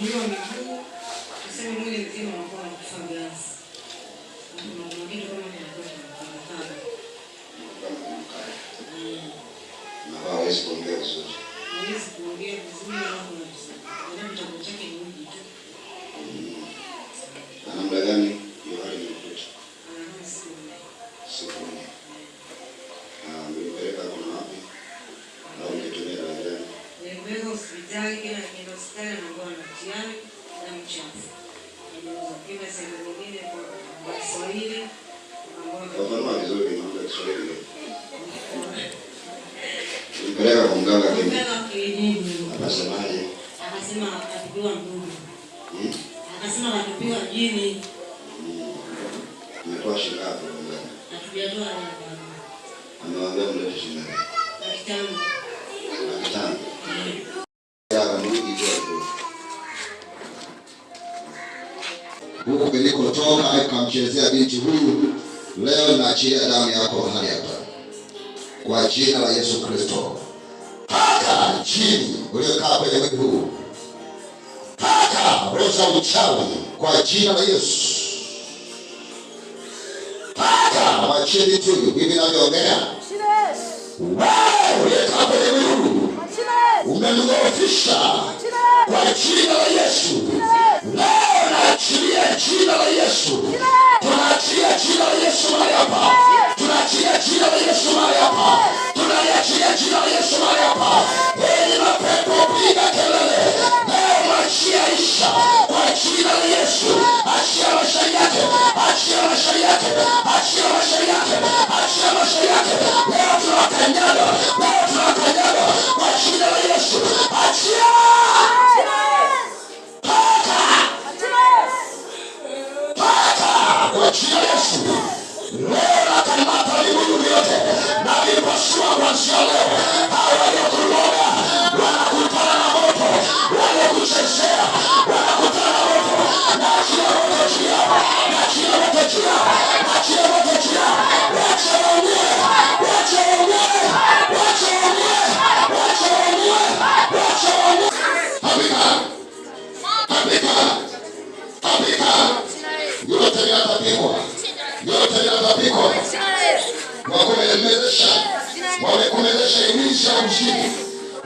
kuumia miguu, tuseme mwili mzima unakuwa na kufa hawezi hawezi kuongea vizuri namna gani hiyo hali imekuja? Ah, Siku pengine sehemu nyingine kwa Kiswahili fafanua vizuri mambo ya Kiswahili. Nipeleka kwa mganga akasemaje? Akasema atapiwa mdudu, hmm? akasema atapiwa jini. Umetoa shilingi ngapi Hatujatoa. Amewaambia mlete shilingi ngapi? kutoka kamchezea binti huyu, leo naachilia damu yako hadi hapa kwa jina la Yesu Kristo. Paka chini uliokaa kwenye mwili huu, paka roho za uchawi kwa jina la Yesu. Paka wachie binti huyu hivi navyoongea, wewe uliokaa kwenye mwili huu umemdhoofisha kwa jina la Yesu leo tunaachilia jina la Yesu, tunaachilia jina la Yesu mahali hapa, tunaachilia jina la Yesu mahali hapa, tunaliachia jina la Yesu mahali hapa. Hili mapepo piga kelele leo, ee, mwachia Isha kwa jina la Yesu, achia maisha yake, achia maisha yake, achia maisha yake, achia maisha yake. Leo ee, tunawakanyaga wanapigwa, wakumelemezesha, wamekumelesha inini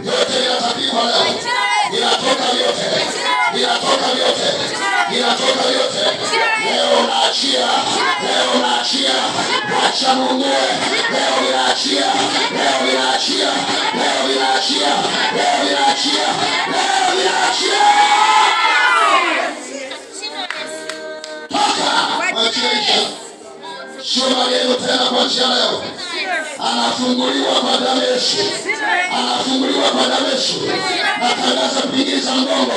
ya yote inatapikwa leo, inatoka yote, inatoka yote, inatoka yote. Leo naachia, leo naachia, wacha Mungu, leo ninaachia, leo ninaachia, leo ninaachia, leo ninaachia Chuma gego tena kwa njia leo, anafunguliwa kwa damu Yesu, anafunguliwa kwa damu Yesu. Natangaza mpigili za mgongo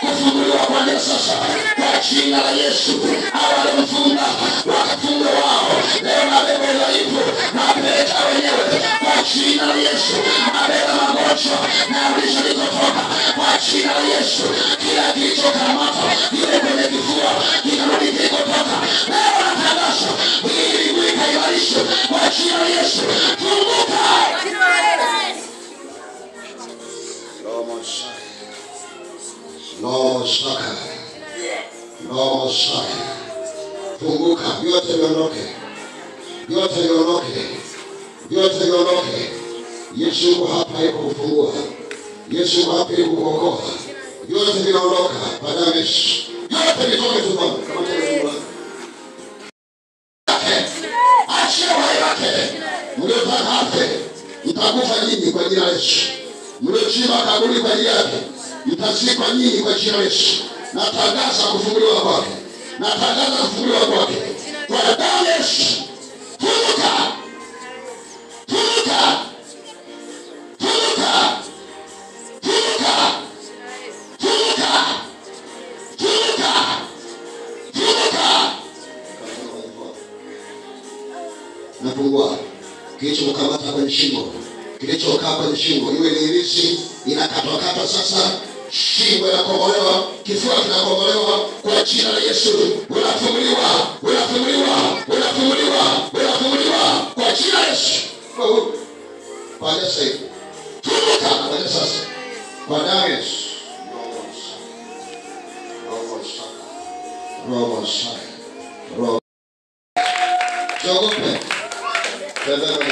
kufunguliwa kuanzia sasa kwa jina la Yesu. Hawa walomfunga wakafunge wao leo, nabeba udhaifu napeleka wenyewe kwa jina la Yesu. Nabeba magonjwa na ulisha likotoka kwa jina la Yesu, kila kilichokamata jina la Yesu. Funguka. No shaka. No shaka. Funguka, yote yondoke. Yote yondoke. Yote yondoke. Yesu yuko hapa yuko kufungua. Yesu yuko hapa yuko kuokoa. Yote yondoka. Baada ya Yesu. Yote yondoke tu Baba. Mtakufa nyinyi kwa jina la Yesu. Mliochimba kaburi kwa ajili yake, mtazikwa nyinyi kwa jina la Yesu. Natangaza kufunguliwa kwake, natangaza kufunguliwa kwake kwa damu ya Yesu. tuka tuka tumuka, tumuka, tumuka, tumuka, tumuka. Nafungua kilichomkamata kwenye shingo kilichokaa kwenye shingo, iwe ni irisi inakatwakatwa sasa, shingo inakomolewa, kifua kinakomolewa kwa jina la Yesu. Unafumuliwa, unafumuliwa, unafumuliwa, unafumuliwa kwa jina la Yesu. Kwanza sasa hivi tunuka, sasa kwa damu Yesu. Roho Roho Jogope Bebebe